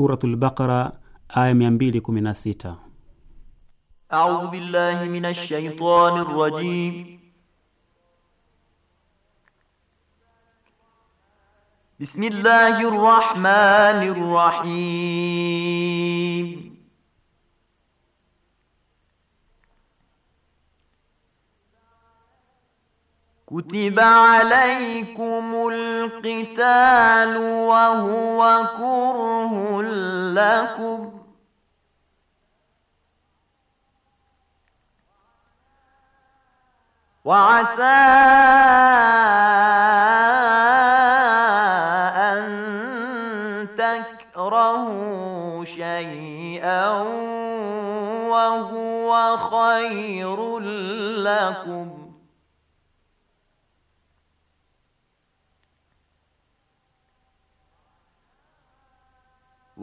Suratul Baqara aya sita. A'udhu billahi minash shaitani rrajim. بسم الله الرحمن الرحيم كتب عليكم القتال وهو كره لكم وعسى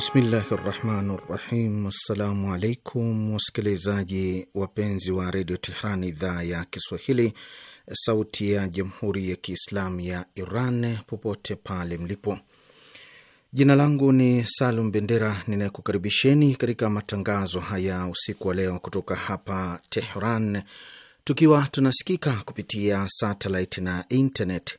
Bismillahi rahmani rahim. Assalamu alaikum wasikilizaji wapenzi wa redio Tehran, idhaa ya Kiswahili, sauti ya jamhuri ya kiislamu ya Iran, popote pale mlipo. Jina langu ni Salum Bendera ninayekukaribisheni katika matangazo haya usiku wa leo kutoka hapa Tehran, tukiwa tunasikika kupitia satelit na internet.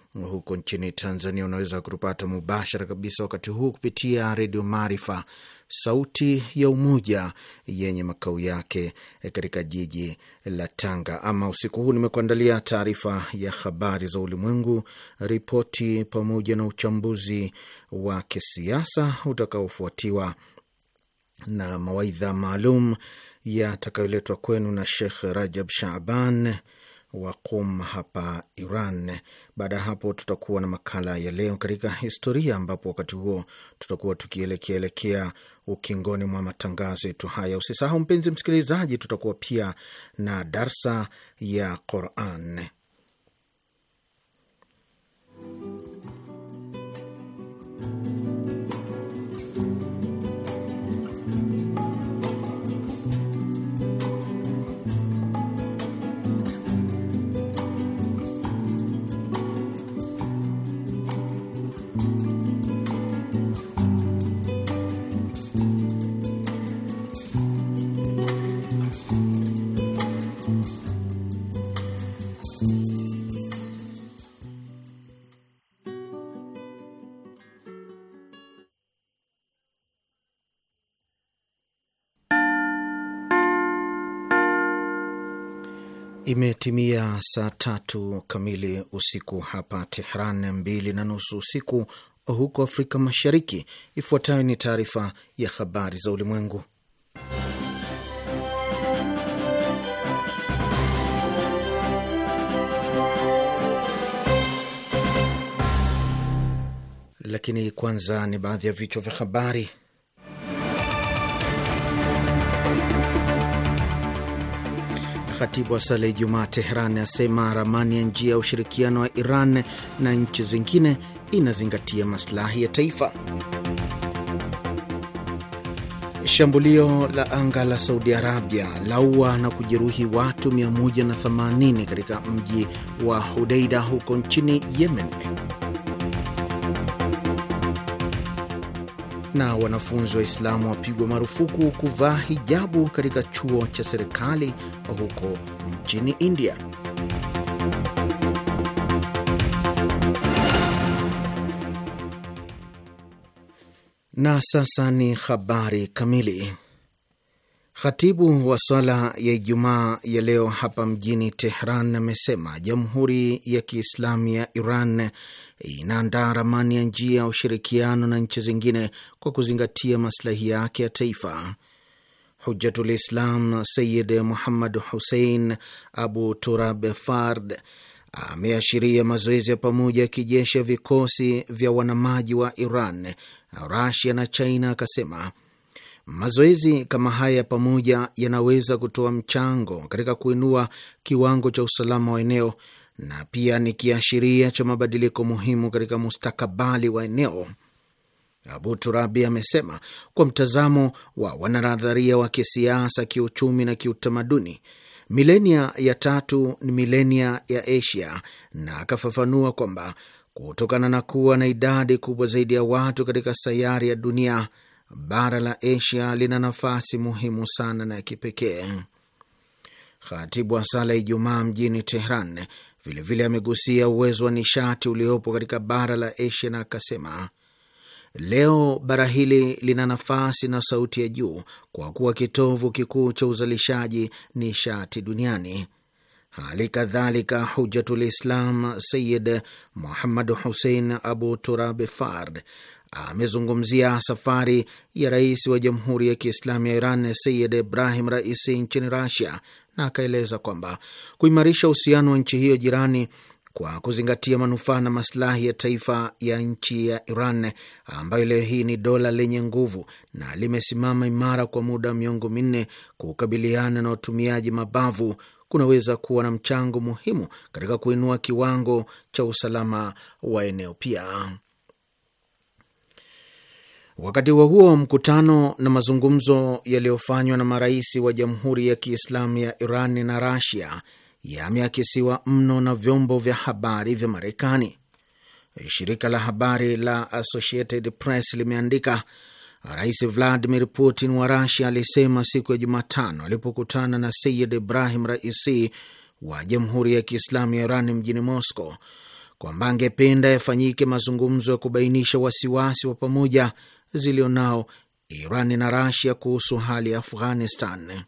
huko nchini Tanzania unaweza kutupata mubashara kabisa wakati huu kupitia Redio Maarifa, sauti ya Umoja, yenye makao yake katika jiji la Tanga. Ama usiku huu nimekuandalia taarifa ya habari za ulimwengu, ripoti pamoja na uchambuzi wa kisiasa utakaofuatiwa na mawaidha maalum yatakayoletwa kwenu na Shekh Rajab Shaaban wa Qum hapa Iran. Baada ya hapo, tutakuwa na makala ya leo katika historia, ambapo wakati huo tutakuwa tukielekeaelekea ukingoni mwa matangazo yetu haya. Usisahau mpenzi msikilizaji, tutakuwa pia na darsa ya Quran. Imetimia saa tatu kamili usiku hapa Tehran, mbili na nusu usiku huko Afrika Mashariki. Ifuatayo ni taarifa ya habari za ulimwengu, lakini kwanza ni baadhi ya vichwa vya habari. Katibu wa sala ya Ijumaa Teheran asema ramani ya njia ya ushirikiano wa Iran na nchi zingine inazingatia maslahi ya taifa. Shambulio la anga la Saudi Arabia laua na kujeruhi watu 180 katika mji wa hudeida huko nchini Yemen. na wanafunzi wa islamu wapigwa marufuku kuvaa hijabu katika chuo cha serikali huko nchini India. Na sasa ni habari kamili. Khatibu wa swala ya Ijumaa ya leo hapa mjini Tehran amesema Jamhuri ya Kiislamu ya Iran inaandaa ramani ya njia ya ushirikiano na nchi zingine kwa kuzingatia maslahi yake ya taifa. Hujatul Islam Sayid Muhammad Hussein Abu Turab Fard ameashiria mazoezi ya pamoja ya kijeshi ya vikosi vya wanamaji wa Iran, Rasia na China. Akasema mazoezi kama haya ya pamoja yanaweza kutoa mchango katika kuinua kiwango cha usalama wa eneo na pia ni kiashiria cha mabadiliko muhimu katika mustakabali wa eneo. Abu Turabi amesema kwa mtazamo wa wananadharia wa kisiasa, kiuchumi na kiutamaduni, milenia ya tatu ni milenia ya Asia, na akafafanua kwamba kutokana na kuwa na idadi kubwa zaidi ya watu katika sayari ya dunia, bara la Asia lina nafasi muhimu sana na ya kipekee. Khatibu wa sala Ijumaa mjini Tehran Vilevile amegusia uwezo wa nishati uliopo katika bara la Asia na akasema leo bara hili lina nafasi na sauti ya juu kwa kuwa kitovu kikuu cha uzalishaji nishati duniani. Hali kadhalika Hujatul Islam Sayid Muhammad Hussein Abu Turab Fard amezungumzia safari ya rais wa Jamhuri ya Kiislamu ya Iran Sayid Ibrahim Raisi nchini Rasia na akaeleza kwamba kuimarisha uhusiano wa nchi hiyo jirani kwa kuzingatia manufaa na masilahi ya taifa ya nchi ya Iran ambayo leo hii ni dola lenye nguvu na limesimama imara kwa muda wa miongo minne kukabiliana na watumiaji mabavu kunaweza kuwa na mchango muhimu katika kuinua kiwango cha usalama wa eneo pia. Wakati huo huo, mkutano na mazungumzo yaliyofanywa na marais wa Jamhuri ya Kiislamu ya Iran na Rasia yameakisiwa mno na vyombo vya habari vya Marekani. Shirika la habari la Associated Press limeandika Rais Vladimir Putin wa Rasia alisema siku ya Jumatano alipokutana na Sayid Ibrahim Raisi wa Jamhuri ya Kiislamu ya Iran mjini Moscow kwamba angependa yafanyike mazungumzo ya kubainisha wasiwasi wa pamoja zilionao Iran na Rasia kuhusu hali ya Afghanistan.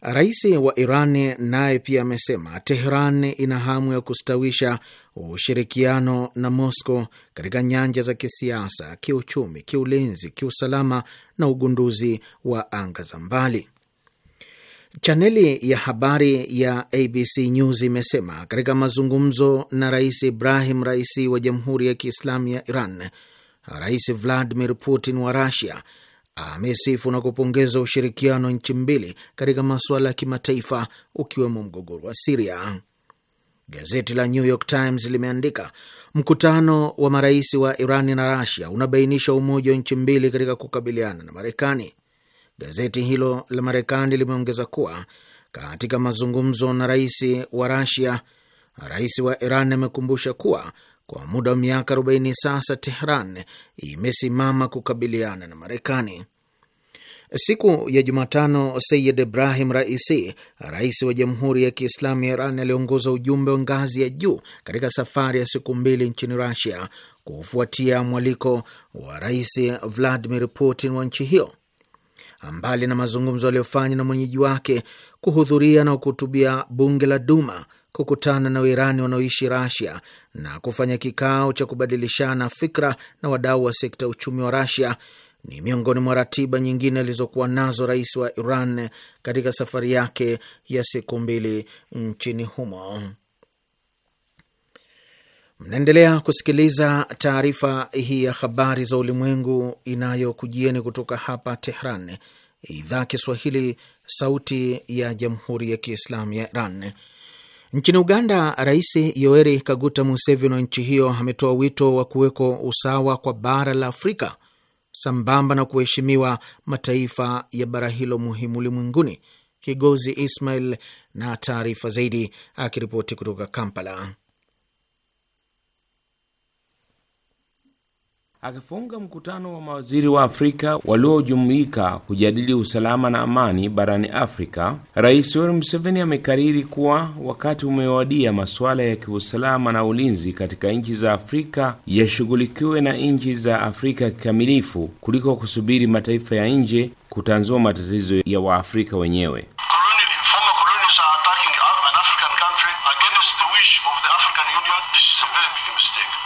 Rais wa Iran naye pia amesema Tehran ina hamu ya kustawisha ushirikiano na Moscow katika nyanja za kisiasa, kiuchumi, kiulinzi, kiusalama na ugunduzi wa anga za mbali. Chaneli ya habari ya ABC News imesema katika mazungumzo na Rais Ibrahim Raisi wa Jamhuri ya Kiislamu ya Iran, Rais Vladimir Putin wa Rasia amesifu na kupongeza ushirikiano wa nchi mbili katika masuala ya kimataifa ukiwemo mgogoro wa Siria. Gazeti la New York Times limeandika mkutano wa marais wa iran na Rasia unabainisha umoja wa nchi mbili katika kukabiliana na Marekani. Gazeti hilo la Marekani limeongeza kuwa katika mazungumzo na rais wa Rasia, rais wa Iran amekumbusha kuwa kwa muda wa miaka 40 sasa, Tehran imesimama kukabiliana na Marekani. Siku ya Jumatano, Sayid Ibrahim Raisi, rais wa Jamhuri ya Kiislamu ya Iran, aliongoza ujumbe wa ngazi ya juu katika safari ya siku mbili nchini Rusia kufuatia mwaliko wa Rais Vladimir Putin wa nchi hiyo. Mbali na mazungumzo aliyofanya na mwenyeji wake, kuhudhuria na kuhutubia bunge la Duma kukutana na Wairani wanaoishi Rasia na kufanya kikao cha kubadilishana fikra na wadau wa sekta ya uchumi wa Rasia ni miongoni mwa ratiba nyingine alizokuwa nazo rais wa Iran katika safari yake ya siku mbili nchini humo. Mnaendelea kusikiliza taarifa hii ya habari za ulimwengu inayokujieni kutoka hapa Tehran, idhaa Kiswahili, sauti ya jamhuri ya kiislamu ya Iran. Nchini Uganda, Rais Yoweri Kaguta Museveni wa nchi hiyo ametoa wito wa kuweko usawa kwa bara la Afrika sambamba na kuheshimiwa mataifa ya bara hilo muhimu ulimwenguni. Kigozi Ismail na taarifa zaidi akiripoti kutoka Kampala. Akifunga mkutano wa mawaziri wa Afrika waliojumuika kujadili usalama na amani barani Afrika, Rais Yoweri Museveni amekariri kuwa wakati umewadia masuala ya kiusalama na ulinzi katika nchi za Afrika yashughulikiwe na nchi za Afrika kikamilifu kuliko kusubiri mataifa ya nje kutanzua matatizo ya Waafrika wenyewe.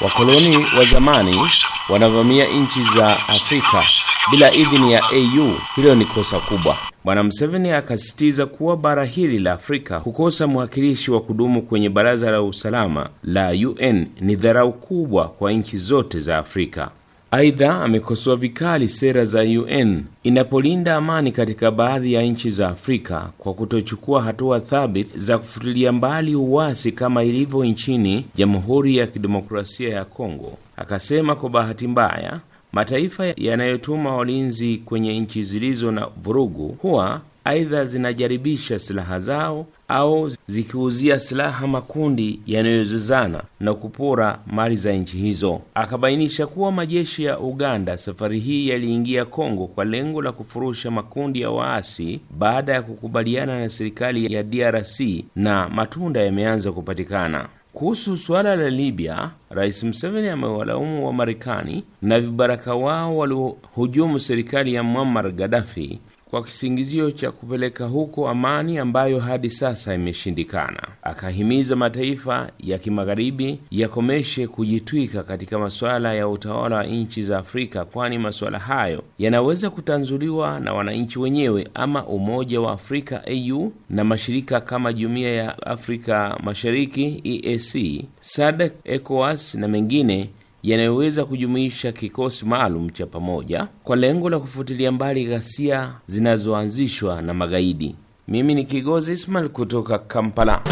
Wakoloni wa zamani wanavamia nchi za Afrika bila idhini ya AU. Hilo ni kosa kubwa. Bwana Museveni akasisitiza kuwa bara hili la Afrika kukosa mwakilishi wa kudumu kwenye Baraza la Usalama la UN ni dharau kubwa kwa nchi zote za Afrika. Aidha, amekosoa vikali sera za UN inapolinda amani katika baadhi ya nchi za Afrika kwa kutochukua hatua thabiti za kufutilia mbali uwasi kama ilivyo nchini Jamhuri ya Kidemokrasia ya Kongo. Akasema kwa bahati mbaya, mataifa yanayotuma walinzi kwenye nchi zilizo na vurugu huwa aidha zinajaribisha silaha zao au zikiuzia silaha makundi yanayozozana na kupora mali za nchi hizo. Akabainisha kuwa majeshi ya Uganda safari hii yaliingia Kongo kwa lengo la kufurusha makundi ya waasi baada ya kukubaliana na serikali ya DRC na matunda yameanza kupatikana. Kuhusu suala la Libya, Rais Museveni amewalaumu wa Marekani na vibaraka wao waliohujumu serikali ya Muammar Gaddafi kwa kisingizio cha kupeleka huko amani ambayo hadi sasa imeshindikana. Akahimiza mataifa ya kimagharibi yakomeshe kujitwika katika masuala ya utawala wa nchi za Afrika, kwani masuala hayo yanaweza kutanzuliwa na wananchi wenyewe ama Umoja wa Afrika AU na mashirika kama Jumuiya ya Afrika Mashariki EAC, SADC, ECOWAS na mengine yanayoweza kujumuisha kikosi maalum cha pamoja kwa lengo la kufutilia mbali ghasia zinazoanzishwa na magaidi. Mimi ni Kigozi Ismail kutoka Kampala.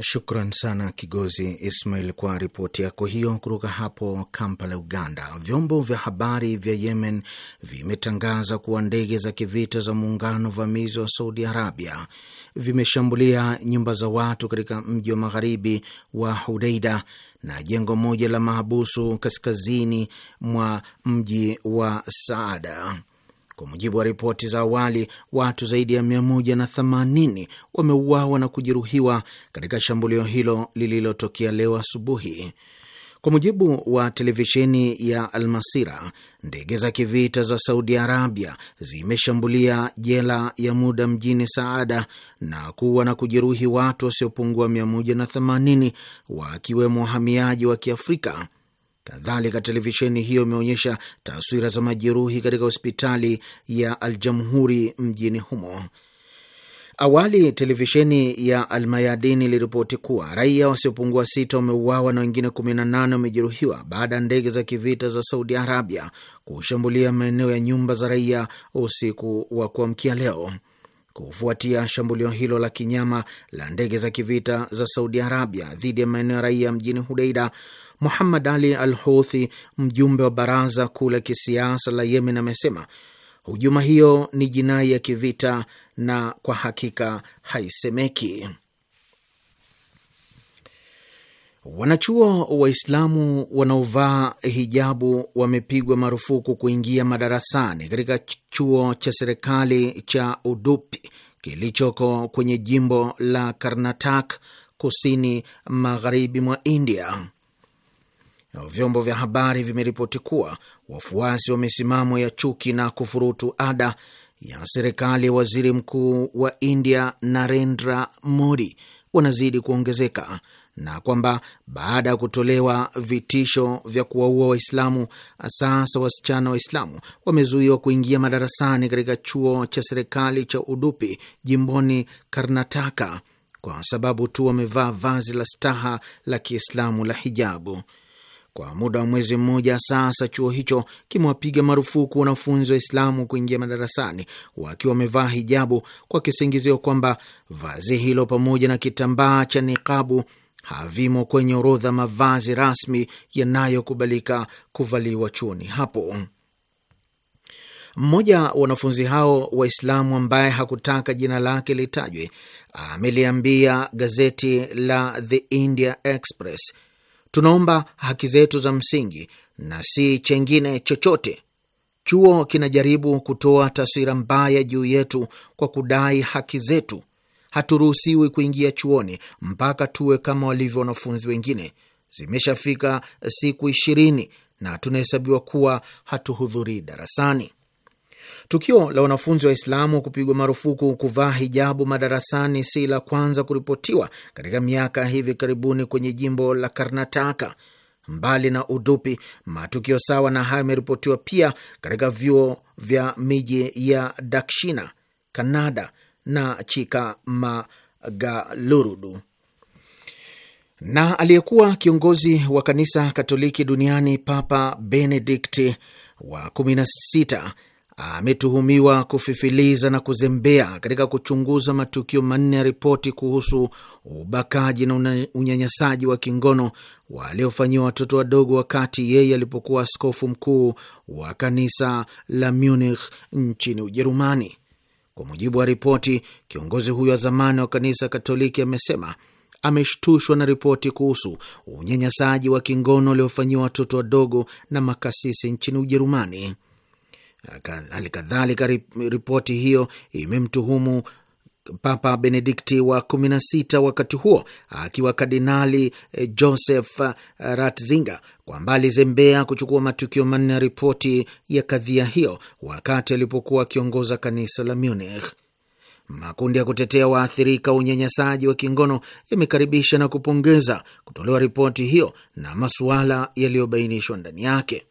Shukran sana Kigozi Ismail kwa ripoti yako hiyo kutoka hapo Kampala, Uganda. Vyombo vya habari vya Yemen vimetangaza kuwa ndege za kivita za muungano vamizi wa Saudi Arabia vimeshambulia nyumba za watu katika mji wa magharibi wa Hudaida na jengo moja la mahabusu kaskazini mwa mji wa Saada. Kwa mujibu wa ripoti za awali, watu zaidi ya 180 wameuawa na kujeruhiwa katika shambulio hilo lililotokea leo asubuhi. Kwa mujibu wa televisheni ya Almasira, ndege za kivita za Saudi Arabia zimeshambulia jela ya muda mjini Saada na kuwa na kujeruhi watu wasiopungua 180 wakiwemo wahamiaji wa Kiafrika. Kadhalika, televisheni hiyo imeonyesha taswira za majeruhi katika hospitali ya Aljamhuri mjini humo. Awali televisheni ya Almayadin iliripoti kuwa raia wasiopungua sita wameuawa na wengine 18 wamejeruhiwa baada ya ndege za kivita za Saudi Arabia kushambulia maeneo ya nyumba za raia usiku wa kuamkia leo. Kufuatia shambulio hilo la kinyama la ndege za kivita za Saudi Arabia dhidi ya maeneo ya raia mjini Hudeida, Muhammad Ali al Houthi, mjumbe wa baraza kuu la kisiasa la Yemen, amesema hujuma hiyo ni jinai ya kivita na kwa hakika haisemeki. Wanachuo Waislamu wanaovaa hijabu wamepigwa marufuku kuingia madarasani katika chuo cha serikali cha Udupi kilichoko kwenye jimbo la Karnatak kusini magharibi mwa India vyombo vya habari vimeripoti kuwa wafuasi wa misimamo ya chuki na kufurutu ada ya serikali ya waziri mkuu wa India Narendra Modi wanazidi kuongezeka na kwamba baada ya kutolewa vitisho vya kuwaua Waislamu, sasa wasichana Waislamu wamezuiwa kuingia madarasani katika chuo cha serikali cha Udupi jimboni Karnataka kwa sababu tu wamevaa vazi la staha la Kiislamu la hijabu. Kwa muda wa mwezi mmoja sasa, chuo hicho kimewapiga marufuku wanafunzi wa islamu kuingia madarasani wakiwa wamevaa hijabu kwa kisingizio kwamba vazi hilo pamoja na kitambaa cha niqabu havimo kwenye orodha mavazi rasmi yanayokubalika kuvaliwa chuoni hapo. Mmoja wa wanafunzi hao Waislamu ambaye hakutaka jina lake litajwe ameliambia gazeti la The India Express Tunaomba haki zetu za msingi na si chengine chochote. Chuo kinajaribu kutoa taswira mbaya juu yetu kwa kudai haki zetu. Haturuhusiwi kuingia chuoni mpaka tuwe kama walivyo wanafunzi wengine. Zimeshafika siku ishirini na tunahesabiwa kuwa hatuhudhurii darasani. Tukio la wanafunzi wa islamu kupigwa marufuku kuvaa hijabu madarasani si la kwanza kuripotiwa katika miaka hivi karibuni kwenye jimbo la Karnataka. Mbali na Udupi, matukio sawa na hayo yameripotiwa pia katika vyuo vya miji ya Dakshina, Kanada na Chikamagalurudu. Na aliyekuwa kiongozi wa kanisa Katoliki duniani Papa Benedikti wa 16 ametuhumiwa kufifiliza na kuzembea katika kuchunguza matukio manne ya ripoti kuhusu ubakaji na unyanyasaji wa kingono waliofanyiwa watoto wadogo wakati yeye alipokuwa askofu mkuu wa kanisa la Munich nchini Ujerumani. Kwa mujibu wa ripoti, kiongozi huyo wa zamani wa kanisa Katoliki amesema ameshtushwa na ripoti kuhusu unyanyasaji wa kingono waliofanyiwa watoto wadogo na makasisi nchini Ujerumani. Hali kadhalika, ripoti hiyo imemtuhumu Papa Benedikti wa sita wakati huo akiwa Kardinali eh, Joseph eh, Ratzinger kwamba alizembea kuchukua matukio manne ya ripoti ya kadhia hiyo wakati alipokuwa akiongoza kanisa la Munich. Makundi ya kutetea waathirika unyanyasaji wa kingono yamekaribisha na kupongeza kutolewa ripoti hiyo na masuala yaliyobainishwa ndani yake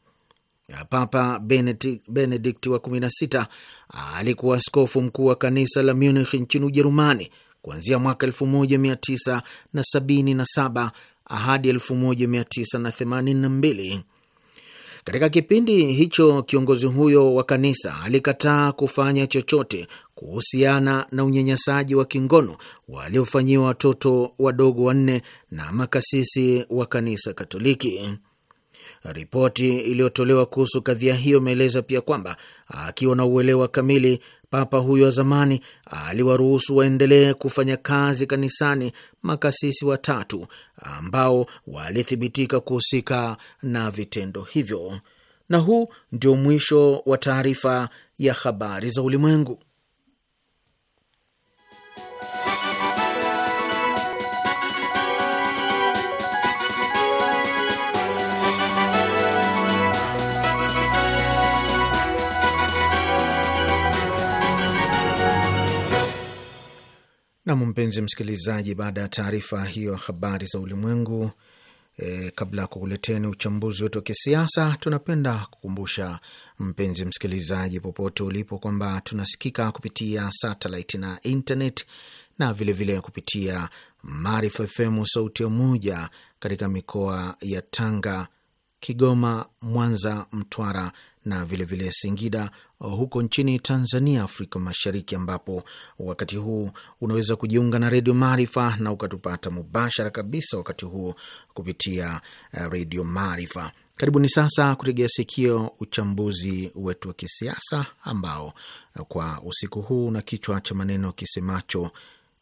ya Papa Benedikt wa 16 alikuwa askofu mkuu wa kanisa la Munich nchini Ujerumani kuanzia mwaka 1977 hadi 1982. Katika kipindi hicho kiongozi huyo wa kanisa alikataa kufanya chochote kuhusiana na unyanyasaji wa kingono waliofanyiwa watoto wadogo wanne na makasisi wa kanisa Katoliki. Ripoti iliyotolewa kuhusu kadhia hiyo imeeleza pia kwamba akiwa na uelewa kamili, papa huyo wa zamani aliwaruhusu waendelee kufanya kazi kanisani makasisi watatu ambao walithibitika kuhusika na vitendo hivyo. Na huu ndio mwisho wa taarifa ya habari za ulimwengu. mpenzi msikilizaji, baada ya taarifa hiyo habari za ulimwengu, e, kabla ya kukuleteni uchambuzi wetu wa kisiasa, tunapenda kukumbusha mpenzi msikilizaji, popote ulipo, kwamba tunasikika kupitia satellite na internet na vilevile vile kupitia Maarifa FM sauti ya Umoja katika mikoa ya Tanga, Kigoma, Mwanza, Mtwara na vilevile vile Singida uh, huko nchini Tanzania, Afrika Mashariki, ambapo wakati huu unaweza kujiunga na Redio Maarifa na ukatupata mubashara kabisa wakati huo kupitia uh, Redio Maarifa. Karibuni sasa kutegea sikio uchambuzi wetu wa kisiasa ambao uh, kwa usiku huu na kichwa cha maneno kisemacho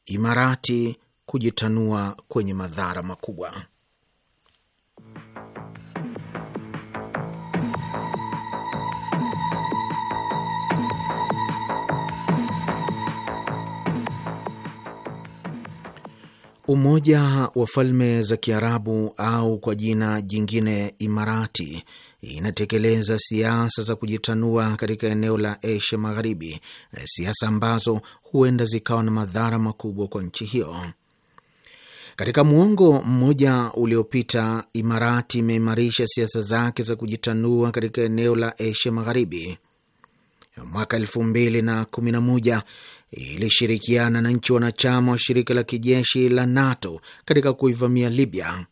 Imarati kujitanua kwenye madhara makubwa. Umoja wa Falme za Kiarabu au kwa jina jingine Imarati inatekeleza siasa za kujitanua katika eneo la Asia Magharibi, siasa ambazo huenda zikawa na madhara makubwa kwa nchi hiyo. Katika muongo mmoja uliopita, Imarati imeimarisha siasa zake za kujitanua katika eneo la Asia Magharibi. Mwaka elfu mbili na kumi na moja ilishirikiana na nchi wanachama wa shirika la kijeshi la NATO katika kuivamia Libya.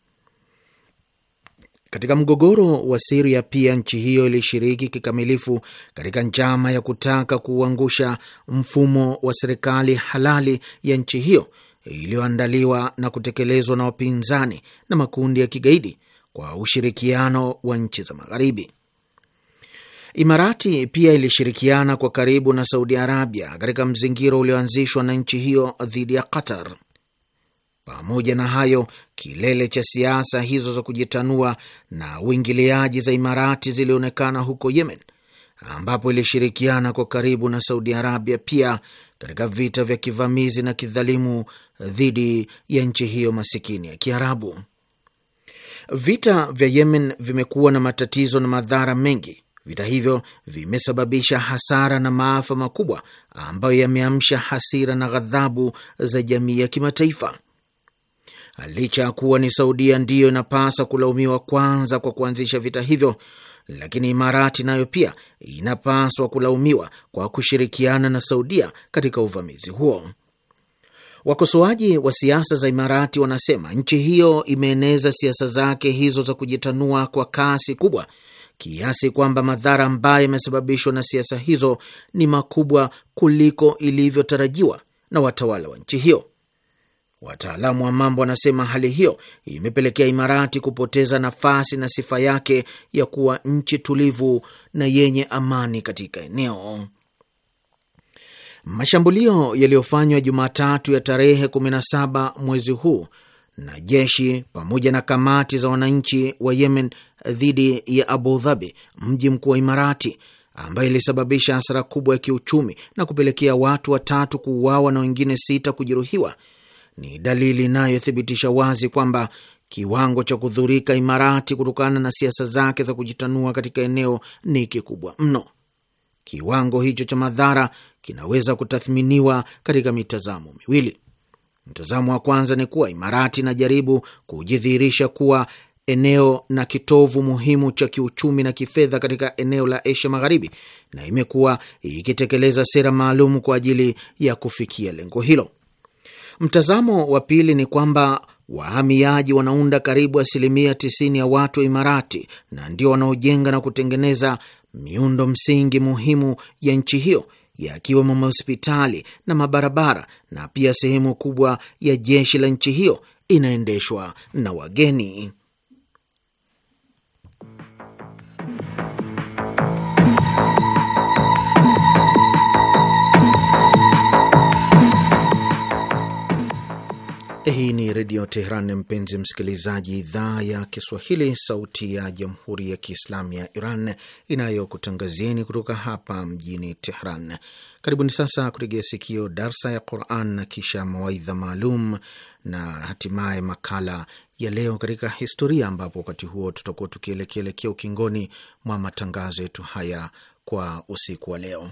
Katika mgogoro wa Siria pia nchi hiyo ilishiriki kikamilifu katika njama ya kutaka kuangusha mfumo wa serikali halali ya nchi hiyo iliyoandaliwa na kutekelezwa na wapinzani na makundi ya kigaidi kwa ushirikiano wa nchi za Magharibi. Imarati pia ilishirikiana kwa karibu na Saudi Arabia katika mzingiro ulioanzishwa na nchi hiyo dhidi ya Qatar. Pamoja na hayo, kilele cha siasa hizo za kujitanua na uingiliaji za Imarati zilionekana huko Yemen, ambapo ilishirikiana kwa karibu na Saudi Arabia pia katika vita vya kivamizi na kidhalimu dhidi ya nchi hiyo masikini ya Kiarabu. Vita vya Yemen vimekuwa na matatizo na madhara mengi Vita hivyo vimesababisha hasara na maafa makubwa ambayo yameamsha hasira na ghadhabu za jamii ya kimataifa. Licha ya kuwa ni Saudia ndiyo inapasa kulaumiwa kwanza kwa kuanzisha vita hivyo, lakini Imarati nayo pia inapaswa kulaumiwa kwa kushirikiana na Saudia katika uvamizi huo. Wakosoaji wa siasa za Imarati wanasema nchi hiyo imeeneza siasa zake hizo za kujitanua kwa kasi kubwa kiasi kwamba madhara ambayo yamesababishwa na siasa hizo ni makubwa kuliko ilivyotarajiwa na watawala wa nchi hiyo. Wataalamu wa mambo wanasema hali hiyo imepelekea Imarati kupoteza nafasi na sifa yake ya kuwa nchi tulivu na yenye amani katika eneo. Mashambulio yaliyofanywa Jumatatu ya tarehe 17 mwezi huu na jeshi pamoja na kamati za wananchi wa Yemen dhidi ya Abu Dhabi, mji mkuu wa Imarati, ambayo ilisababisha hasara kubwa ya kiuchumi na kupelekea watu watatu kuuawa na wengine sita kujeruhiwa, ni dalili inayothibitisha wazi kwamba kiwango cha kudhurika Imarati kutokana na siasa zake za kujitanua katika eneo ni kikubwa mno. Kiwango hicho cha madhara kinaweza kutathminiwa katika mitazamo miwili. Mtazamo wa kwanza ni kuwa Imarati inajaribu kujidhihirisha kuwa eneo na kitovu muhimu cha kiuchumi na kifedha katika eneo la Asia Magharibi na imekuwa ikitekeleza sera maalum kwa ajili ya kufikia lengo hilo. Mtazamo wa pili ni kwamba wahamiaji wanaunda karibu asilimia 90 ya watu wa Imarati na ndio wanaojenga na kutengeneza miundo msingi muhimu ya nchi hiyo yakiwemo mahospitali na mabarabara na pia sehemu kubwa ya jeshi la nchi hiyo inaendeshwa na wageni. Hii ni Redio Teheran, mpenzi msikilizaji, idhaa ya Kiswahili, sauti ya jamhuri ya kiislamu ya Iran inayokutangazieni kutoka hapa mjini Teheran. Karibuni sasa kutegea sikio darsa ya Quran na kisha mawaidha maalum na hatimaye makala ya leo katika historia, ambapo wakati huo tutakuwa tukielekelekea ukingoni mwa matangazo yetu haya kwa usiku wa leo.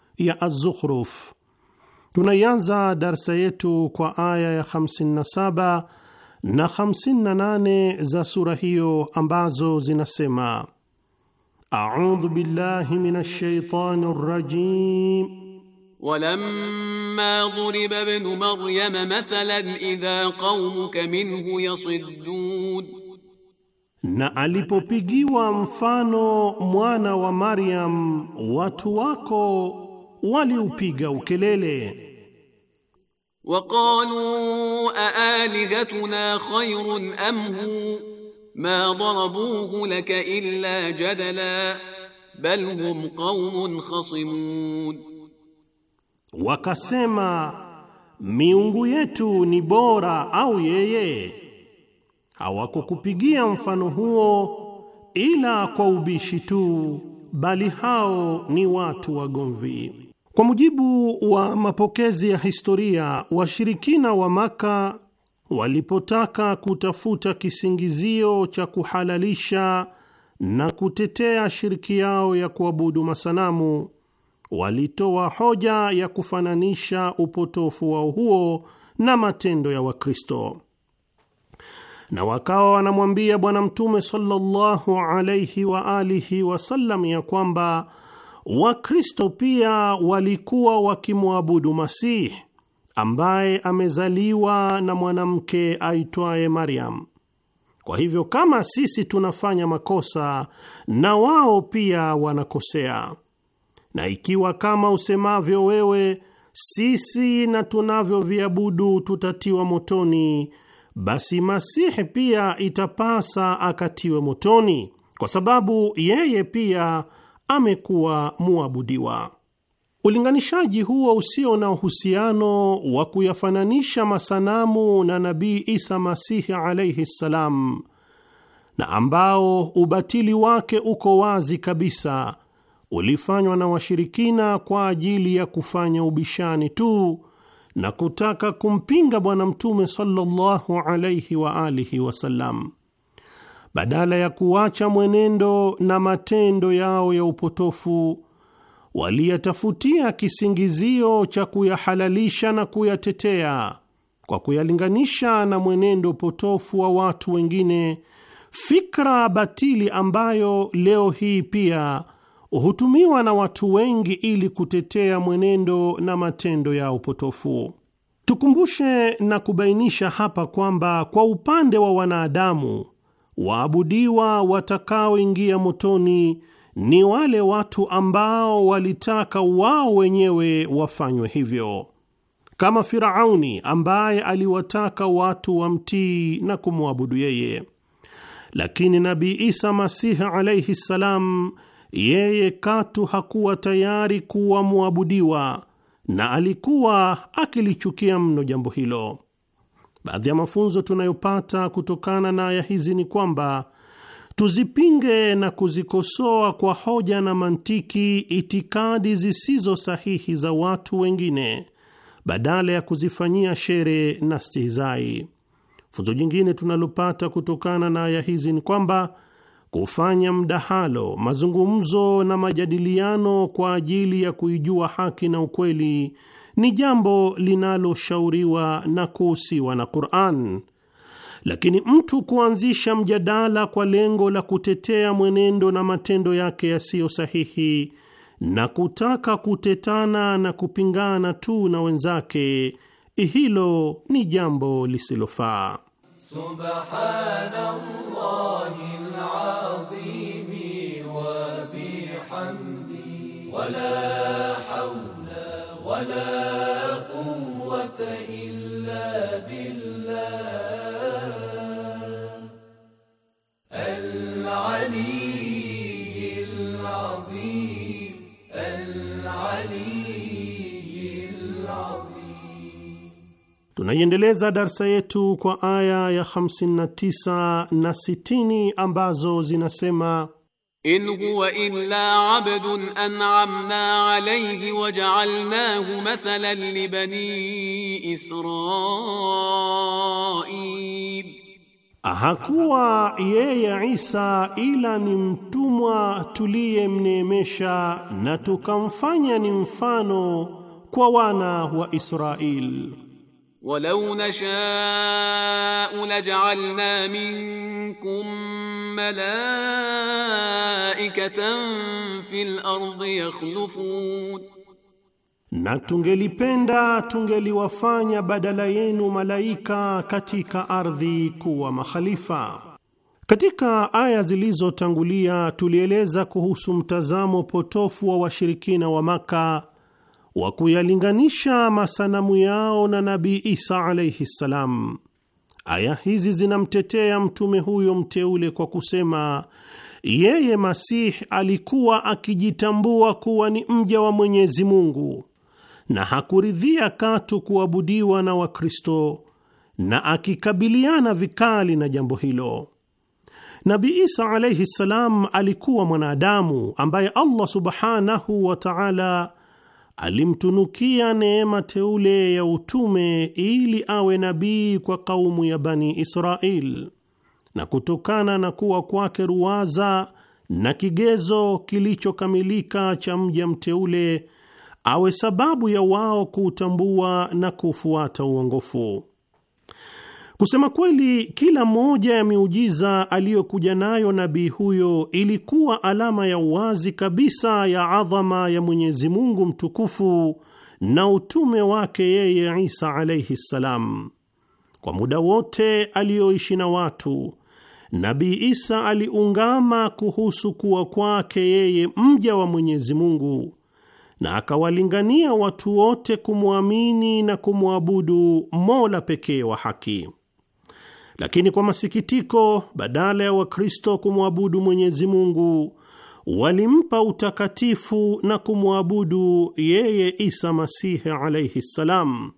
ya Az-Zukhruf. Tunaianza darsa yetu kwa aya ya 57 na 58 za sura hiyo ambazo zinasema: audhu billahi minash shaitani rrajim ولما ضرب ابن maryama مثلا إذا قومك منه يصدون, na alipopigiwa mfano mwana wa Maryam watu wako waliupiga ukelele, waqalu aalihatuna khayrun am hu ma darabuhu laka illa jadala bal hum qaumun khasimun, wakasema miungu yetu ni bora au yeye? Hawakukupigia mfano huo ila kwa ubishi tu, bali hao ni watu wagomvi. Kwa mujibu wa mapokezi ya historia, washirikina wa Maka walipotaka kutafuta kisingizio cha kuhalalisha na kutetea shiriki yao ya kuabudu masanamu, walitoa hoja ya kufananisha upotofu wao huo na matendo ya Wakristo, na wakawa wanamwambia Bwana Mtume sallallahu alaihi wa alihi wasallam ya kwamba Wakristo pia walikuwa wakimwabudu Masihi ambaye amezaliwa na mwanamke aitwaye Mariam. Kwa hivyo, kama sisi tunafanya makosa, na wao pia wanakosea. Na ikiwa kama usemavyo wewe, sisi na tunavyoviabudu tutatiwa motoni, basi Masihi pia itapasa akatiwe motoni, kwa sababu yeye pia amekuwa mwabudiwa. Ulinganishaji huo usio na uhusiano wa kuyafananisha masanamu na Nabii Isa Masihi alaihi ssalam, na ambao ubatili wake uko wazi kabisa, ulifanywa na washirikina kwa ajili ya kufanya ubishani tu na kutaka kumpinga Bwana Mtume sallallahu alaihi waalihi wasallam badala ya kuacha mwenendo na matendo yao ya upotofu, waliyatafutia kisingizio cha kuyahalalisha na kuyatetea kwa kuyalinganisha na mwenendo potofu wa watu wengine, fikra batili ambayo leo hii pia hutumiwa na watu wengi ili kutetea mwenendo na matendo ya upotofu. Tukumbushe na kubainisha hapa kwamba kwa upande wa wanadamu waabudiwa watakaoingia motoni ni wale watu ambao walitaka wao wenyewe wafanywe hivyo, kama Firauni ambaye aliwataka watu wamtii na kumwabudu yeye. Lakini Nabii Isa Masihi alaihi ssalam, yeye katu hakuwa tayari kuwa mwabudiwa na alikuwa akilichukia mno jambo hilo. Baadhi ya mafunzo tunayopata kutokana na aya hizi ni kwamba tuzipinge na kuzikosoa kwa hoja na mantiki itikadi zisizo sahihi za watu wengine badala ya kuzifanyia shere na stihizai. Funzo jingine tunalopata kutokana na aya hizi ni kwamba kufanya mdahalo, mazungumzo na majadiliano kwa ajili ya kuijua haki na ukweli ni jambo linaloshauriwa na kuhusiwa na Qur'an, lakini mtu kuanzisha mjadala kwa lengo la kutetea mwenendo na matendo yake yasiyo sahihi na kutaka kutetana na kupingana tu na wenzake, hilo ni jambo lisilofaa. Subhanallahi al wa wala Tunaiendeleza darsa yetu kwa aya ya 59 na 60 ambazo zinasema in huwa illa abdun an'amna alayhi waja'alnahu mathalan li bani Israil, hakuwa yeye Isa ila ni mtumwa tuliyemneemesha na tukamfanya ni mfano kwa wana wa Israil. Walau nashau laj'alna minkum malaikatan fil ardi yakhlufun, na tungelipenda tungeliwafanya badala yenu malaika katika ardhi kuwa makhalifa. Katika aya zilizotangulia tulieleza kuhusu mtazamo potofu wa washirikina wa Maka wa kuyalinganisha masanamu yao na Nabii Isa alaihi ssalam. Aya hizi zinamtetea mtume huyo mteule kwa kusema yeye Masihi alikuwa akijitambua kuwa ni mja wa Mwenyezi Mungu na hakuridhia katu kuabudiwa na Wakristo na akikabiliana vikali na jambo hilo. Nabi Isa alaihi ssalam alikuwa mwanadamu ambaye Allah subhanahu wa taala alimtunukia neema teule ya utume ili awe nabii kwa kaumu ya Bani Israel, na kutokana na kuwa kwake ruwaza na kigezo kilichokamilika cha mja mteule, awe sababu ya wao kuutambua na kufuata uongofu. Kusema kweli, kila moja ya miujiza aliyokuja nayo nabii huyo ilikuwa alama ya uwazi kabisa ya adhama ya Mwenyezi Mungu mtukufu na utume wake yeye Isa alaihi ssalam. Kwa muda wote aliyoishi na watu, nabii Isa aliungama kuhusu kuwa kwake yeye mja wa Mwenyezi Mungu na akawalingania watu wote kumwamini na kumwabudu Mola pekee wa haki. Lakini kwa masikitiko, badala ya Wakristo kumwabudu Mwenyezi Mungu, walimpa utakatifu na kumwabudu yeye Isa Masihi alaihi ssalam.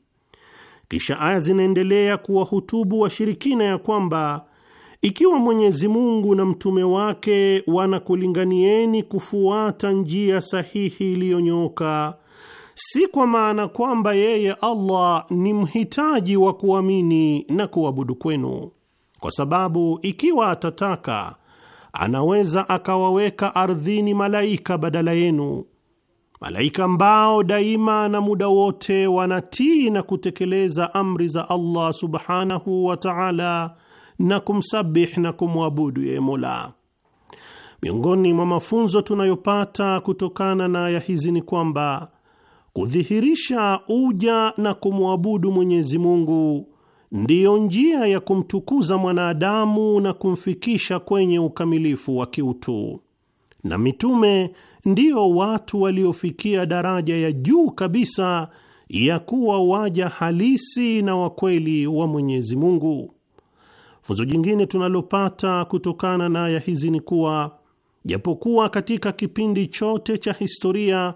Kisha aya zinaendelea kuwahutubu washirikina ya kwamba ikiwa Mwenyezi Mungu na mtume wake wanakulinganieni kufuata njia sahihi iliyonyooka si kwa maana kwamba yeye Allah ni mhitaji wa kuamini na kuabudu kwenu, kwa sababu ikiwa atataka anaweza akawaweka ardhini malaika badala yenu, malaika ambao daima na muda wote wanatii na kutekeleza amri za Allah subhanahu wa ta'ala na kumsabih na kumwabudu yeye Mola. Miongoni mwa mafunzo tunayopata kutokana na aya hizi ni kwamba kudhihirisha uja na kumwabudu Mwenyezi Mungu ndiyo njia ya kumtukuza mwanadamu na kumfikisha kwenye ukamilifu wa kiutu, na mitume ndiyo watu waliofikia daraja ya juu kabisa ya kuwa waja halisi na wakweli wa Mwenyezi Mungu. Funzo jingine tunalopata kutokana na aya hizi ni kuwa japokuwa katika kipindi chote cha historia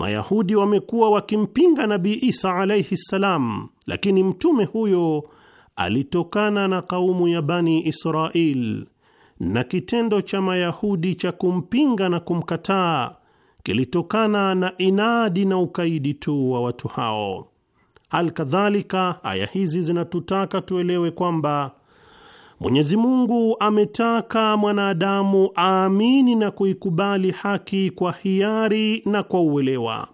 Mayahudi wamekuwa wakimpinga Nabii Isa alaihi ssalam, lakini mtume huyo alitokana na kaumu ya Bani Israil, na kitendo cha Mayahudi cha kumpinga na kumkataa kilitokana na inadi na ukaidi tu wa watu hao. Hal kadhalika aya hizi zinatutaka tuelewe kwamba Mwenyezi Mungu ametaka mwanadamu aamini na kuikubali haki kwa hiari na kwa uelewa,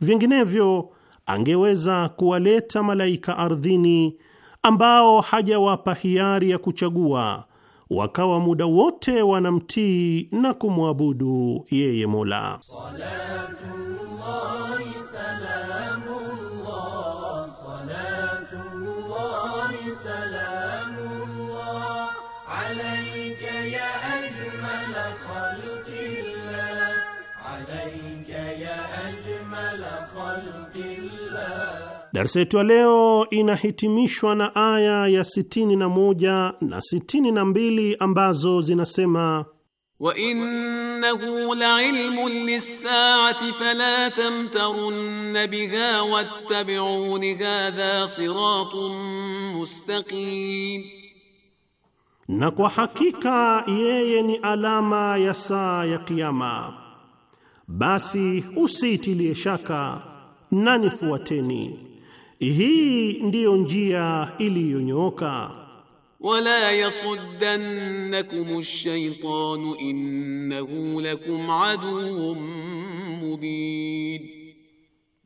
vinginevyo angeweza kuwaleta malaika ardhini ambao hajawapa hiari ya kuchagua, wakawa muda wote wanamtii na kumwabudu yeye Mola Salatu Darsa yetu ya leo inahitimishwa na aya ya 61 na 62 ambazo zinasema wa innahu la'ilmun lis-sa'ati fala tamtarunna biha wattabi'uni hadha siratun mustaqim, na kwa hakika yeye ni alama ya saa ya Kiyama, basi usiitilie shaka na nifuateni. Hii ndiyo njia iliyonyooka. Wala yasuddannakum ash-shaytanu innahu lakum aduwwun mubin,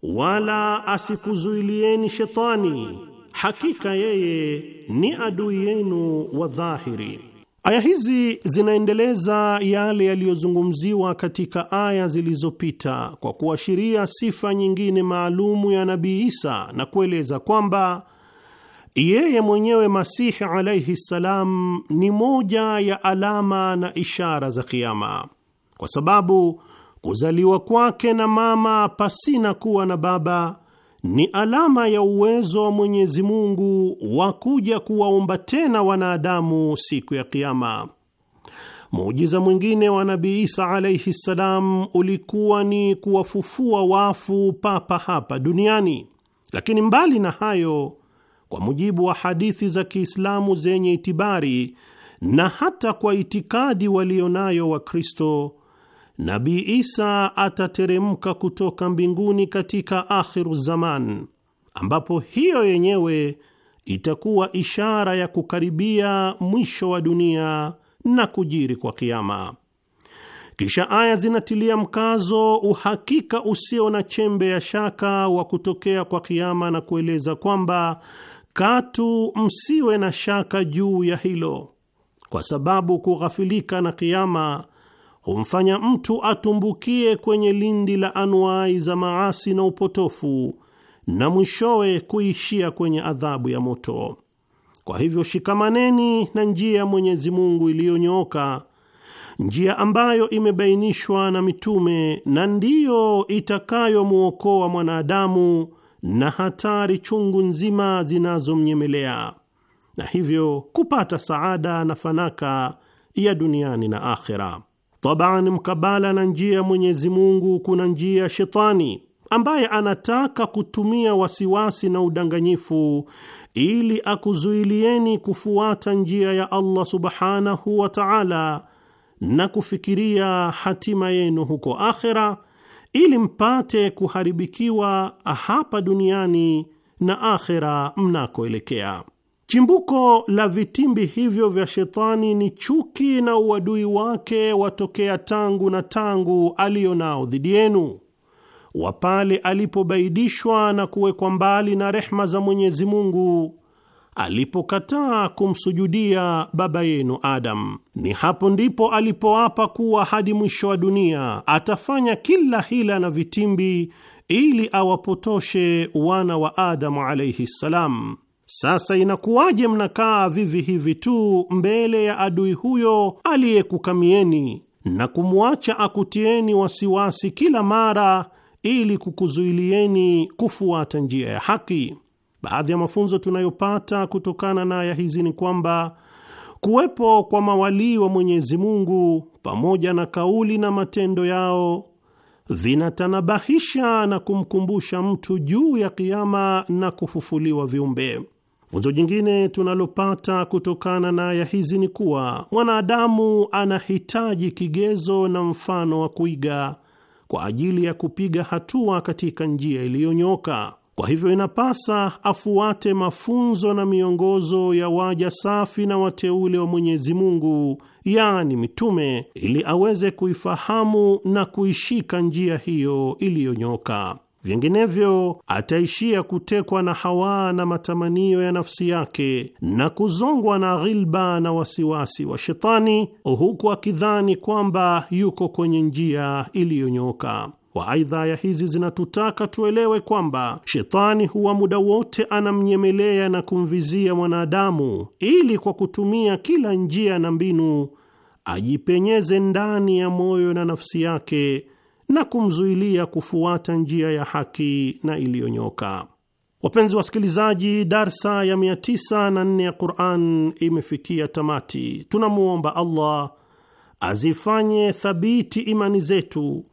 wala asikuzuilieni shetani, hakika yeye ni adui yenu wa dhahiri. Aya hizi zinaendeleza yale yaliyozungumziwa katika aya zilizopita kwa kuashiria sifa nyingine maalumu ya Nabii Isa na kueleza kwamba yeye mwenyewe Masihi alaihi ssalam ni moja ya alama na ishara za Kiama, kwa sababu kuzaliwa kwake na mama pasina kuwa na baba ni alama ya uwezo wa Mwenyezi Mungu wa kuja kuwaumba tena wanadamu siku ya Kiama. Muujiza mwingine wa Nabii Isa alaihi ssalam ulikuwa ni kuwafufua wafu papa hapa duniani. Lakini mbali na hayo, kwa mujibu wa hadithi za Kiislamu zenye itibari na hata kwa itikadi walionayo Wakristo, Nabii Isa atateremka kutoka mbinguni katika akhiru zaman, ambapo hiyo yenyewe itakuwa ishara ya kukaribia mwisho wa dunia na kujiri kwa kiama. Kisha aya zinatilia mkazo uhakika usio na chembe ya shaka wa kutokea kwa kiama na kueleza kwamba katu msiwe na shaka juu ya hilo, kwa sababu kughafilika na kiama humfanya mtu atumbukie kwenye lindi la anwai za maasi na upotofu na mwishowe kuishia kwenye adhabu ya moto. Kwa hivyo, shikamaneni na njia ya Mwenyezi Mungu iliyonyooka, njia ambayo imebainishwa na mitume na ndiyo itakayomwokoa mwanadamu na hatari chungu nzima zinazomnyemelea na hivyo kupata saada na fanaka ya duniani na akhera. Tabaan, mkabala na njia ya Mwenyezi Mungu kuna njia ya shetani ambaye anataka kutumia wasiwasi na udanganyifu ili akuzuilieni kufuata njia ya Allah subhanahu wa ta'ala na kufikiria hatima yenu huko akhera, ili mpate kuharibikiwa hapa duniani na akhera mnakoelekea. Chimbuko la vitimbi hivyo vya shetani ni chuki na uadui wake watokea tangu na tangu aliyo nao dhidi yenu, wa pale alipobaidishwa na kuwekwa mbali na rehma za Mwenyezi Mungu alipokataa kumsujudia baba yenu Adam. Ni hapo ndipo alipoapa kuwa hadi mwisho wa dunia atafanya kila hila na vitimbi ili awapotoshe wana wa Adamu alaihi ssalam. Sasa inakuwaje mnakaa vivi hivi tu mbele ya adui huyo aliyekukamieni na kumwacha akutieni wasiwasi kila mara ili kukuzuilieni kufuata njia ya haki? Baadhi ya mafunzo tunayopata kutokana na aya hizi ni kwamba kuwepo kwa mawalii wa Mwenyezi Mungu pamoja na kauli na matendo yao vinatanabahisha na kumkumbusha mtu juu ya kiama na kufufuliwa viumbe. Funzo jingine tunalopata kutokana na aya hizi ni kuwa mwanadamu anahitaji kigezo na mfano wa kuiga kwa ajili ya kupiga hatua katika njia iliyonyoka. Kwa hivyo, inapasa afuate mafunzo na miongozo ya waja safi na wateule wa Mwenyezi Mungu, yaani mitume, ili aweze kuifahamu na kuishika njia hiyo iliyonyoka vinginevyo ataishia kutekwa na hawa na matamanio ya nafsi yake na kuzongwa na ghilba na wasiwasi wa shetani, huku akidhani kwamba yuko kwenye njia iliyonyooka. aidha aya hizi zinatutaka tuelewe kwamba shetani huwa muda wote anamnyemelea na kumvizia mwanadamu ili kwa kutumia kila njia na mbinu ajipenyeze ndani ya moyo na nafsi yake na kumzuilia kufuata njia ya haki na iliyonyoka. Wapenzi wasikilizaji, darsa ya 94 ya Quran imefikia tamati. Tunamwomba Allah azifanye thabiti imani zetu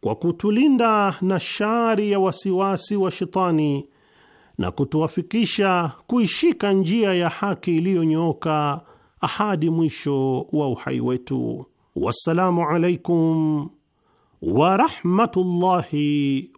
kwa kutulinda na shari ya wasiwasi wa shetani na kutuafikisha kuishika njia ya haki iliyonyooka ahadi mwisho wa uhai wetu. Wassalamu alaikum ورحمة الله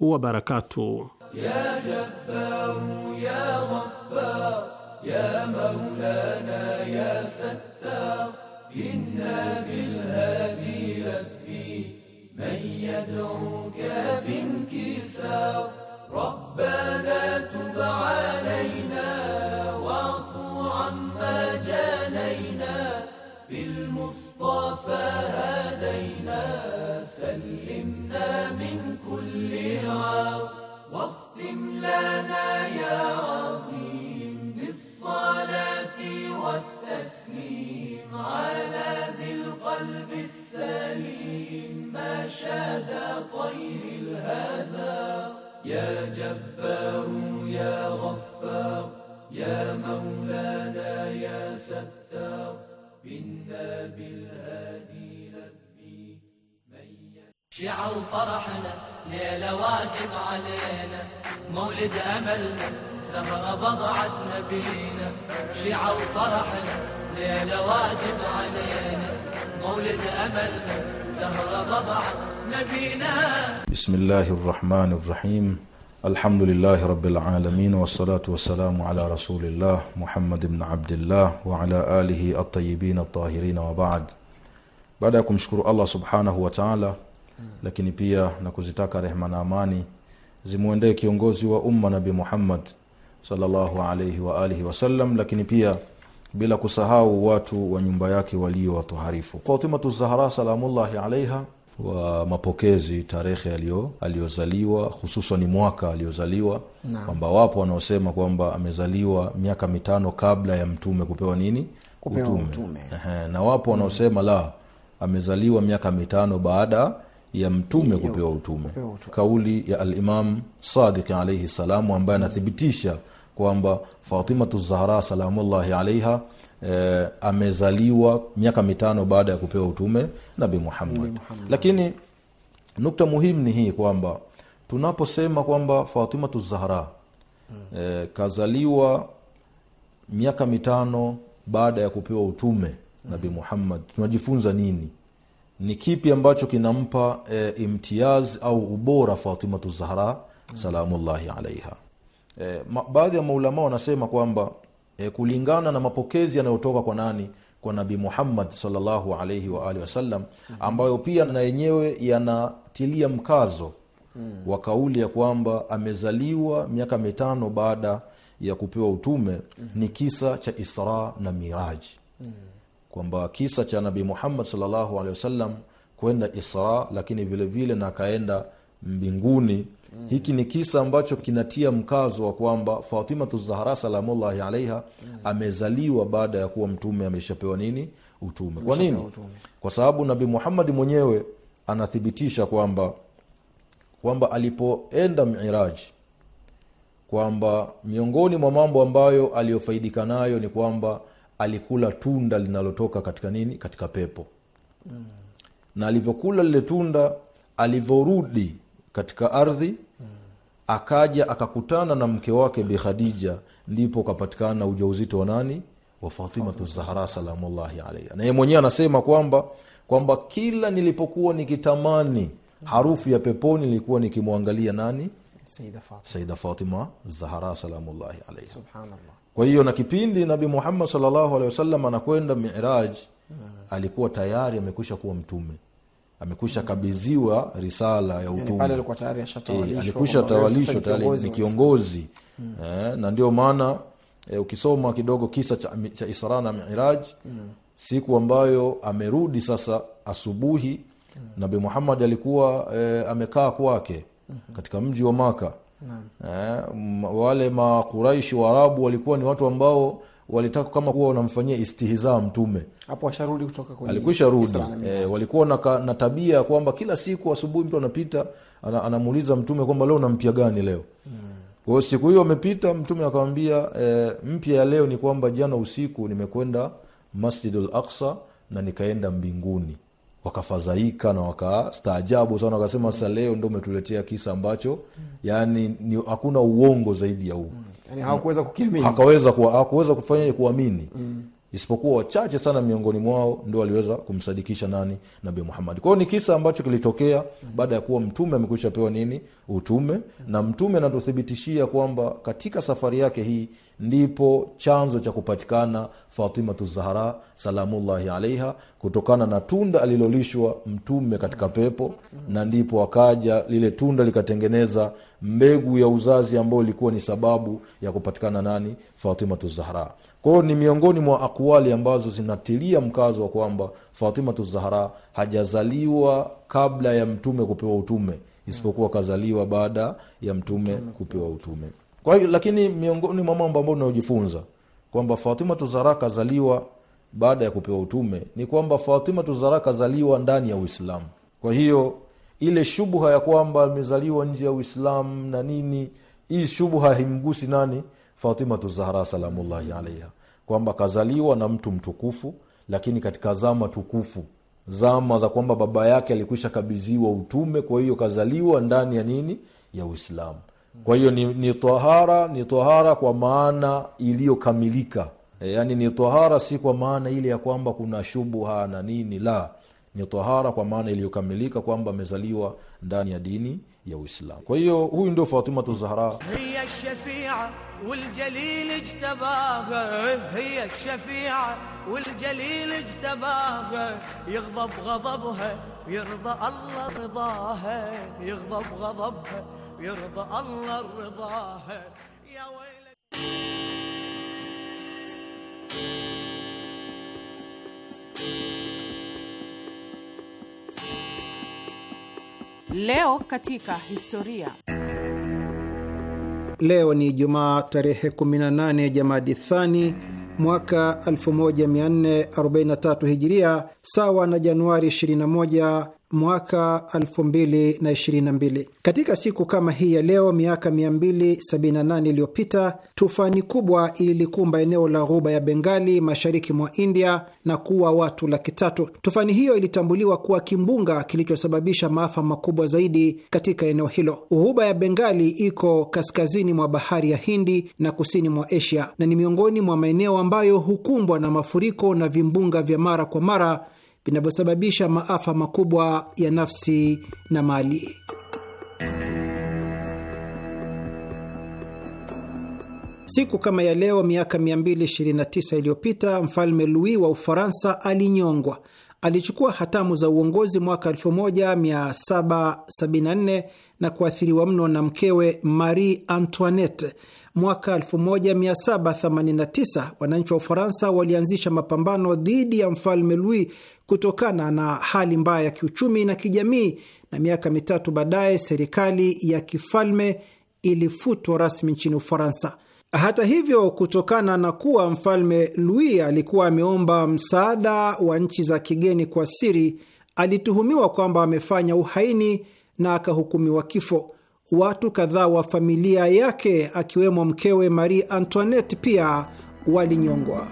وبركاته يا جبار يا غفار يا مولانا يا ستار إنا بالهادي لبي من يدعوك بانكسار ربنا تب علينا واعفو عما جانينا بالمصطفى هدينا سلم لنا من كل عار واختم لنا يا عظيم بالصلاة والتسليم على ذي القلب السليم ما شاد طير الهزار يا جبار يا غفار يا مولانا يا ستار بالنبي الهادي شعوا فرحنا ليلة واجب علينا مولد أملنا سهرة بضعت نبينا شعوا فرحنا ليلة واجب علينا مولد أملنا سهرة بضعت نبينا بسم الله الرحمن الرحيم الحمد لله رب العالمين والصلاة والسلام على رسول الله محمد بن عبد الله وعلى آله الطيبين الطاهرين وبعد بعد kumshukuru الله سبحانه وتعالى lakini pia na kuzitaka rehma na amani zimwendee kiongozi wa umma Nabi Muhammad sallallahu alayhi wa alihi wasallam, lakini pia bila kusahau watu wa nyumba yake walio watoharifu. Fatimatu Zahra salamullahi alaiha wa mapokezi tarehe aliyozaliwa hususan mwaka aliyozaliwa, kwamba wapo wanaosema kwamba amezaliwa miaka mitano kabla ya mtume kupewa nini, kupewa utume, utume. na wapo wanaosema la amezaliwa miaka mitano baada ya mtume kupewa utume, Kauli ya Alimam Sadiq alaihi salam ambaye anathibitisha kwamba Fatimatu Zahra salamullahi alaiha e, eh, amezaliwa miaka mitano baada ya kupewa utume Nabi Muhammad. Lakini nukta muhimu ni hii kwamba tunaposema kwamba Fatimatu Zahra e, kazaliwa miaka mitano baada ya kupewa utume Nabi Muhammad, tunajifunza nini? ni kipi ambacho kinampa e, eh, imtiaz au ubora Fatimatu Zahra salamullahi alaiha. E, ma, baadhi ya maulama wanasema kwamba e, kulingana na mapokezi yanayotoka kwa nani kwa Nabi Muhammad sallallahu alaihi wasallam ambayo pia na yenyewe yanatilia mkazo wa kauli ya kwamba amezaliwa miaka mitano baada ya kupewa utume ni kisa cha Isra na Miraji kwamba kisa cha nabii muhammad salllahu alehi wasallam kwenda isra lakini vile vile na akaenda mbinguni mm. hiki ni kisa ambacho kinatia mkazo wa kwamba fatimatu zahra salamullahi alaiha mm. amezaliwa baada ya kuwa mtume ameshapewa nini utume kwa nini utume. kwa sababu nabi muhammadi mwenyewe anathibitisha kwamba kwamba alipoenda miraji kwamba miongoni mwa mambo ambayo aliyofaidika nayo ni kwamba alikula tunda linalotoka katika nini katika pepo mm. na alivyokula lile tunda alivyorudi katika ardhi mm. akaja akakutana na mke wake bi khadija ndipo kapatikana ujauzito wa nani wa fatimatu zahra salamullahi alaiha na ye mwenyewe anasema kwamba kwamba kila nilipokuwa nikitamani harufu ya peponi nilikuwa nikimwangalia nani saida fatima, fatima zahara salamullahi alaiha kwa hiyo na kipindi nabi muhammad salllahu alehi wasallam anakwenda miraj hmm. alikuwa tayari amekwisha kuwa mtume amekwisha kabidhiwa risala ya utumalikusha eh, tawalishwa ni kiongozi hmm. e, na ndio maana e, ukisoma kidogo kisa cha, cha isra na miraj hmm. siku ambayo amerudi sasa asubuhi hmm. nabi muhammad alikuwa e, amekaa kwake hmm. katika mji wa maka eh, wale Makuraishi Waarabu walikuwa ni watu ambao walitaka kama kuwa wanamfanyia istihizaa Mtume hapo kutoka kwenye alikwisha rudi e, walikuwa na, na tabia kwamba kila siku asubuhi mtu anapita anamuuliza Mtume kwamba leo nampya gani leo mm. kwao siku hiyo amepita Mtume akamwambia e, mpya ya leo ni kwamba jana usiku nimekwenda Masjidul aksa na nikaenda mbinguni wakafadhaika na wakastaajabu sana, wakasema sasa leo ndo umetuletea kisa ambacho mm. yani ni, hakuna uongo zaidi ya huu mm. yani hakuweza kufanya kuamini mm isipokuwa wachache sana miongoni mwao ndo waliweza kumsadikisha nani nabi muhamad kwao ni kisa ambacho kilitokea baada ya kuwa mtume amekuisha pewa nini utume na mtume anatuthibitishia kwamba katika safari yake hii ndipo chanzo cha kupatikana fatimatu zahra salamullahi alaiha kutokana na tunda alilolishwa mtume katika pepo na ndipo akaja lile tunda likatengeneza mbegu ya uzazi ambayo ilikuwa ni sababu ya kupatikana nani fatimatu zahra kwa hiyo ni miongoni mwa akwali ambazo zinatilia mkazo wa kwamba Fatimatu Zahra hajazaliwa kabla ya mtume kupewa utume, isipokuwa kazaliwa baada ya mtume kupewa utume. Kwa hiyo, lakini miongoni mwa mambo ambayo unayojifunza kwamba Fatimatu Zahra kazaliwa baada ya kupewa utume ni kwamba Fatimatu Zahra kazaliwa ndani ya Uislamu. Kwa hiyo ile shubha ya kwamba amezaliwa nje ya Uislamu na nini, hii shubha haimgusi nani Fatimatu Zahra salamullahi alaiha, kwamba kazaliwa na mtu mtukufu, lakini katika zama tukufu, zama za kwamba baba yake alikwisha kabiziwa utume. Kwa hiyo kazaliwa ndani ya nini? Ya Uislamu. Kwa hiyo ni, ni tahara, ni tahara kwa maana iliyokamilika. E, yani ni tahara, si kwa maana ile ya kwamba kuna shubuha na nini, la, ni tahara kwa maana iliyokamilika, kwamba amezaliwa ndani ya dini يا وسلام كويو هو عنده فاطمة الزهراء هي الشفيعة والجليل اجتباها هي الشفيعة والجليل اجتباها يغضب غضبها يرضى الله رضاها يغضب غضبها يرضى الله رضاها يا ويلي Leo katika historia. Leo ni Jumaa tarehe 18 Jamadi Thani mwaka 1443 Hijiria, sawa na Januari 21 mwaka 2022. Katika siku kama hii ya leo miaka 278 iliyopita tufani kubwa ililikumba eneo la ghuba ya Bengali mashariki mwa India na kuua watu laki tatu. Tufani hiyo ilitambuliwa kuwa kimbunga kilichosababisha maafa makubwa zaidi katika eneo hilo. Ghuba ya Bengali iko kaskazini mwa bahari ya Hindi na kusini mwa Asia na ni miongoni mwa maeneo ambayo hukumbwa na mafuriko na vimbunga vya mara kwa mara vinavyosababisha maafa makubwa ya nafsi na mali. Siku kama ya leo miaka 229 iliyopita mfalme Louis wa Ufaransa alinyongwa. Alichukua hatamu za uongozi mwaka 1774 na kuathiriwa mno na mkewe Marie Antoinette mwaka 1789 wananchi wa Ufaransa walianzisha mapambano dhidi ya mfalme Louis kutokana na hali mbaya ya kiuchumi na kijamii, na miaka mitatu baadaye serikali ya kifalme ilifutwa rasmi nchini Ufaransa. Hata hivyo, kutokana na kuwa mfalme Louis alikuwa ameomba msaada wa nchi za kigeni kwa siri, alituhumiwa kwamba amefanya uhaini na akahukumiwa kifo watu kadhaa wa familia yake akiwemo mkewe Marie Antoinette pia walinyongwa.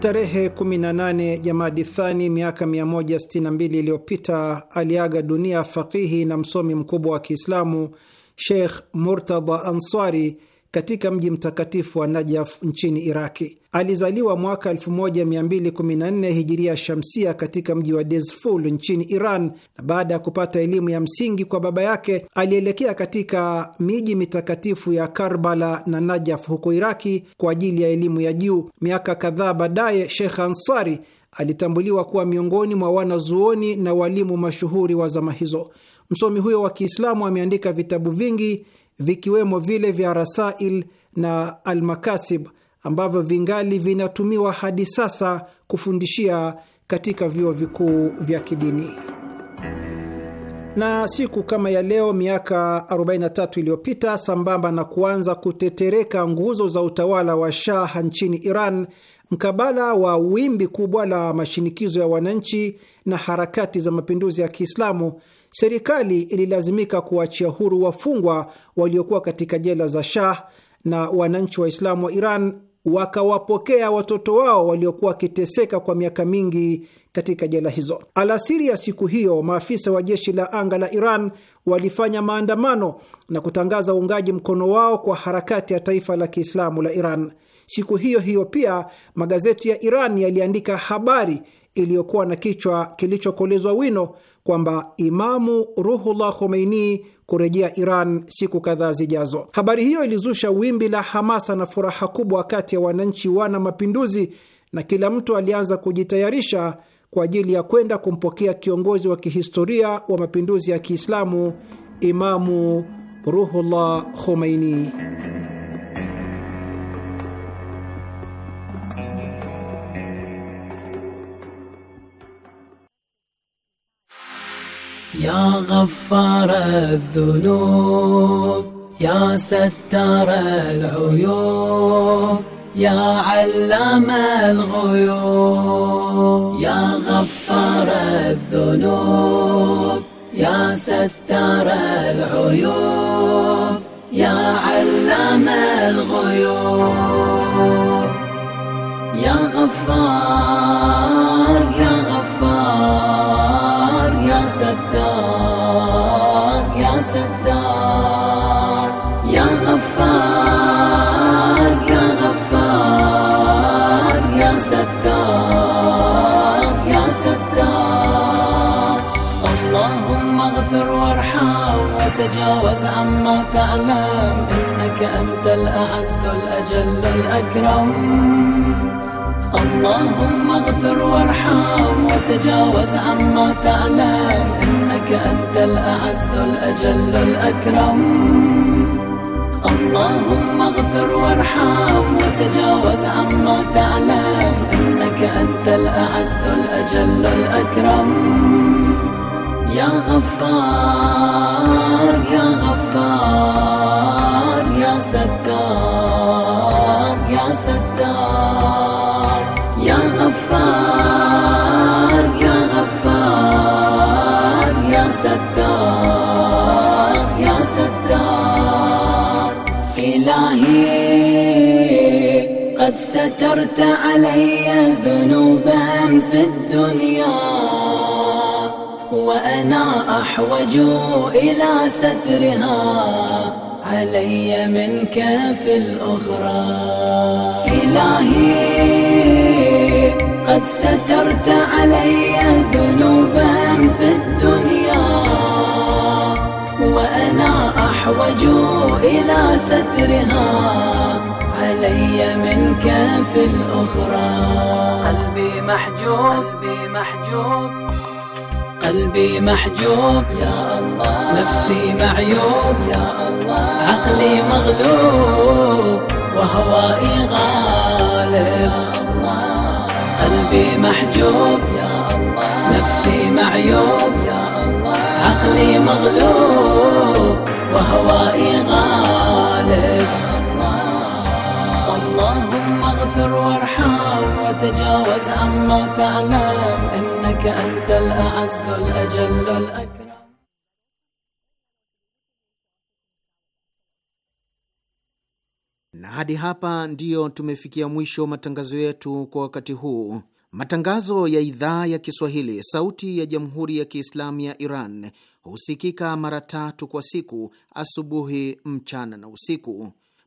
Tarehe 18 Jamadi Thani miaka 162 iliyopita aliaga dunia fakihi na msomi mkubwa wa Kiislamu Sheikh Murtada Ansari katika mji mtakatifu wa Najaf nchini Iraki. Alizaliwa mwaka 1214 hijiria shamsia katika mji wa Desful nchini Iran, na baada ya kupata elimu ya msingi kwa baba yake alielekea katika miji mitakatifu ya Karbala na Najaf huko Iraki kwa ajili ya elimu ya juu. Miaka kadhaa baadaye, Sheikh Ansari alitambuliwa kuwa miongoni mwa wanazuoni na walimu mashuhuri wa zama hizo. Msomi huyo wa Kiislamu ameandika vitabu vingi vikiwemo vile vya Rasail na Almakasib ambavyo vingali vinatumiwa hadi sasa kufundishia katika vyuo vikuu vya kidini. Na siku kama ya leo miaka 43 iliyopita, sambamba na kuanza kutetereka nguzo za utawala wa Shah nchini Iran, mkabala wa wimbi kubwa la mashinikizo ya wananchi na harakati za mapinduzi ya Kiislamu, serikali ililazimika kuachia huru wafungwa waliokuwa katika jela za Shah na wananchi Waislamu wa Iran wakawapokea watoto wao waliokuwa wakiteseka kwa miaka mingi katika jela hizo. Alasiri ya siku hiyo, maafisa wa jeshi la anga la Iran walifanya maandamano na kutangaza uungaji mkono wao kwa harakati ya taifa la Kiislamu la Iran. Siku hiyo hiyo pia magazeti ya Iran yaliandika habari iliyokuwa na kichwa kilichokolezwa wino kwamba Imamu Ruhullah Khomeini kurejea Iran siku kadhaa zijazo. Habari hiyo ilizusha wimbi la hamasa na furaha kubwa kati ya wananchi wana mapinduzi, na kila mtu alianza kujitayarisha kwa ajili ya kwenda kumpokea kiongozi wa kihistoria wa mapinduzi ya Kiislamu, Imamu Ruhullah Khomeini. يا غفار الذنوب يا ستار العيوب يا علام الغيوب يا غفار الذنوب يا ستار العيوب يا علام الغيوب يا غفار يا ستار يا ستار يا غفار يا غفار يا ستار يا ستار اللهم اغفر وارحم وتجاوز عما تعلم إنك أنت الأعز الأجل الأكرم اللهم اغفر وارحم وتجاوز عما تعلم إنك أنت الأعز الأجل الأكرم اللهم اغفر وارحم وتجاوز عما تعلم إنك أنت الأعز الأجل الأكرم يا غفار يا غفار يا ستار سترت علي ذنوبا في الدنيا وأنا أحوج إلى سترها علي منك في الأخرى إلهي قد سترت علي ذنوبا في الدنيا وأنا أحوج إلى سترها علي منك في الأخرى قلبي محجوب قلبي محجوب قلبي محجوب يا الله نفسي معيوب يا الله عقلي مغلوب وهوائي غالب قلبي محجوب يا الله نفسي معيوب يا الله عقلي مغلوب وهوائي غالب واغفر وارحم وتجاوز عما تعلم انك انت الاعز الاجل الاكرم Na hadi hapa ndiyo tumefikia mwisho matangazo yetu kwa wakati huu. Matangazo ya idhaa ya Kiswahili, sauti ya jamhuri ya kiislamu ya Iran husikika mara tatu kwa siku: asubuhi, mchana na usiku.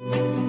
Música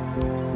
you